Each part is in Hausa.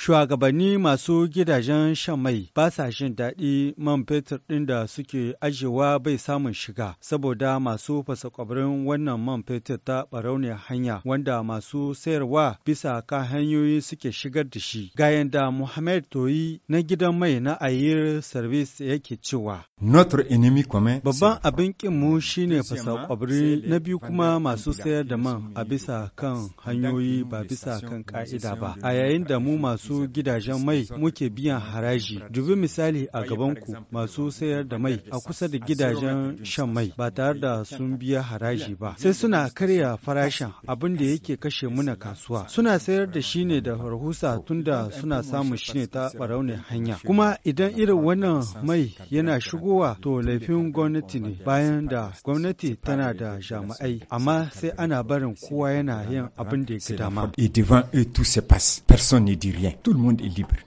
Shugabanni masu gidajen shan mai ba sa jin daɗi man fetur ɗin da suke ajewa bai samun shiga saboda masu fasakwabrin wannan man fetur ta ɓarauniyar hanya wanda masu sayarwa bisa kan hanyoyi suke shigar da shi. Ga da Muhammad Toyi na gidan mai na Ayir Service yake cewa. Babban abin mu shine fasakwabri na biyu kuma masu sayar da man a bisa kan hanyoyi ba bisa kan ka'ida ba. A yayin da mu masu wasu gidajen mai muke biyan haraji. Dubi misali a gabanku masu sayar da mai a kusa da gidajen shan mai ba tare da sun biya haraji ba. Sai suna karya farashin abin da yake kashe muna kasuwa. Suna sayar da shi ne da rahusa tunda suna samun shi ne ta barauniyar hanya. Kuma idan irin wannan mai yana shigowa to laifin gwamnati ne bayan da gwamnati tana da jami'ai amma sai ana barin kowa yana yin abin da ya dama. Et devant eux tout se passe. Personne ne dit rien.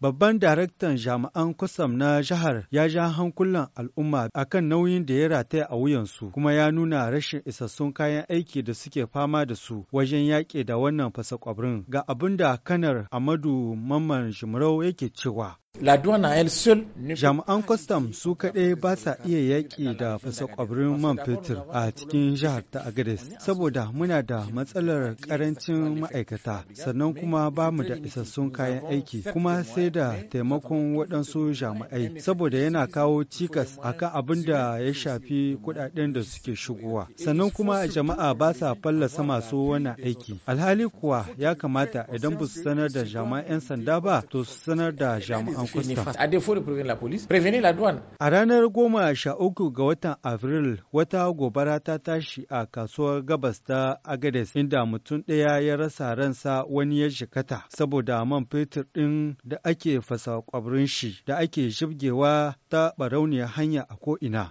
Babban daraktan jami'an kwasam na jihar ya ja hankulan al'umma akan nauyin da ya rataya a wuyansu kuma ya nuna rashin isassun kayan aiki da suke fama da su wajen yaƙi da wannan fasa kwabrin. Ga abin da kanar Amadu Mamman Jimrau yake cewa. Jami'an kwastam su kaɗai ba sa iya yaƙi da fasakwabrin man fetur a cikin jihar ta Agades, saboda muna da matsalar ƙarancin ma'aikata, sannan kuma ba mu da isassun kayan aiki, kuma sai da taimakon waɗansu jami'ai, saboda yana kawo cikas a kan abin da ya shafi kuɗaɗen da suke shigowa. Sannan kuma jama'a ba sa fallasa masu wannan aiki. Alhali kuwa ya kamata idan ba su sanar da jama'an 'yan sanda ba, to su sanar da jama'a. a défaut da prevenir la police prevenir la douane a ranar goma sha uku ga watan afril wata gobara ta tashi a kasuwar gabas ta agades inda mutum ɗaya ya rasa ransa wani ya shikata saboda man fetur ɗin da ake fasa kwabrin shi da ake shibgewa ta barauniyar hanya a ko'ina